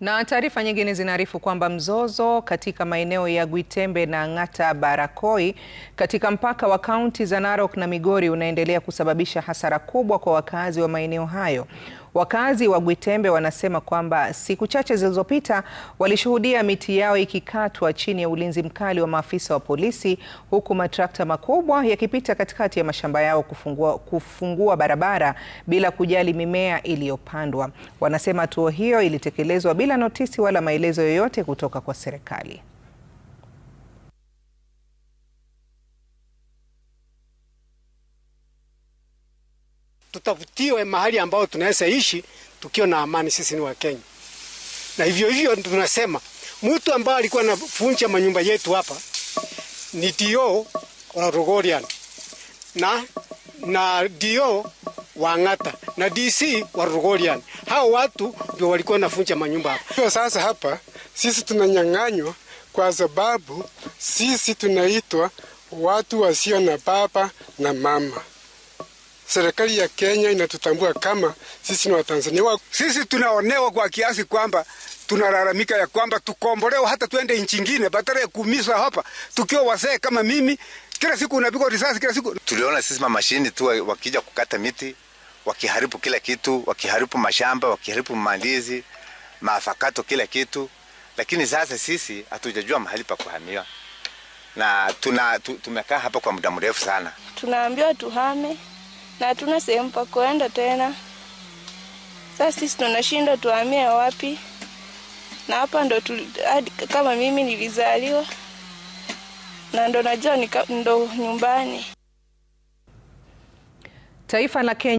Na taarifa nyingine zinaarifu kwamba mzozo katika maeneo ya Gwitembe na Ng'ata Barakoi katika mpaka wa kaunti za Narok na Migori unaendelea kusababisha hasara kubwa kwa wakazi wa maeneo hayo. Wakazi wa Gwitembe wanasema kwamba siku chache zilizopita walishuhudia miti yao ikikatwa chini ya ulinzi mkali wa maafisa wa polisi, huku matrakta makubwa yakipita katikati ya mashamba yao kufungua, kufungua barabara bila kujali mimea iliyopandwa. Wanasema hatua hiyo ilitekelezwa bila notisi wala maelezo yoyote kutoka kwa serikali. tutafutiwe mahali ambao tunaweza ishi tukiwa na amani, sisi ni Wakenya. Na hivyo hivyo tunasema mtu ambaye alikuwa anafunja manyumba yetu hapa ni dio Rogorian na na dio Ngata na DC wa Rogorian. Hao watu ndio walikuwa wanafunja manyumba hapa. Kwa sasa hapa sisi tunanyang'anywa kwa sababu sisi tunaitwa watu wasio na baba na mama serikali ya Kenya inatutambua kama sisi ni Watanzania. Sisi tunaonewa kwa kiasi kwamba tunalalamika ya kwamba tukombolewa hata tuende nchi nyingine badala ya kuumizwa hapa tukiwa wasee kama mimi, kila siku unapigwa risasi, kila siku tuliona sisi mamashini tu wakija kukata miti, wakiharibu kila kitu, wakiharibu mashamba, wakiharibu mandizi, maafakato, kila kitu. Lakini sasa sisi hatujajua mahali pa kuhamia na tuna, tumekaa hapa kwa muda mrefu sana, tunaambiwa tuhame na hatuna sehemu pa kuenda tena. Sasa sisi tunashinda tuhamie wapi? Na hapa ndo tu, hadi kama mimi nilizaliwa na ndo najua ndo nyumbani. Taifa la Kenya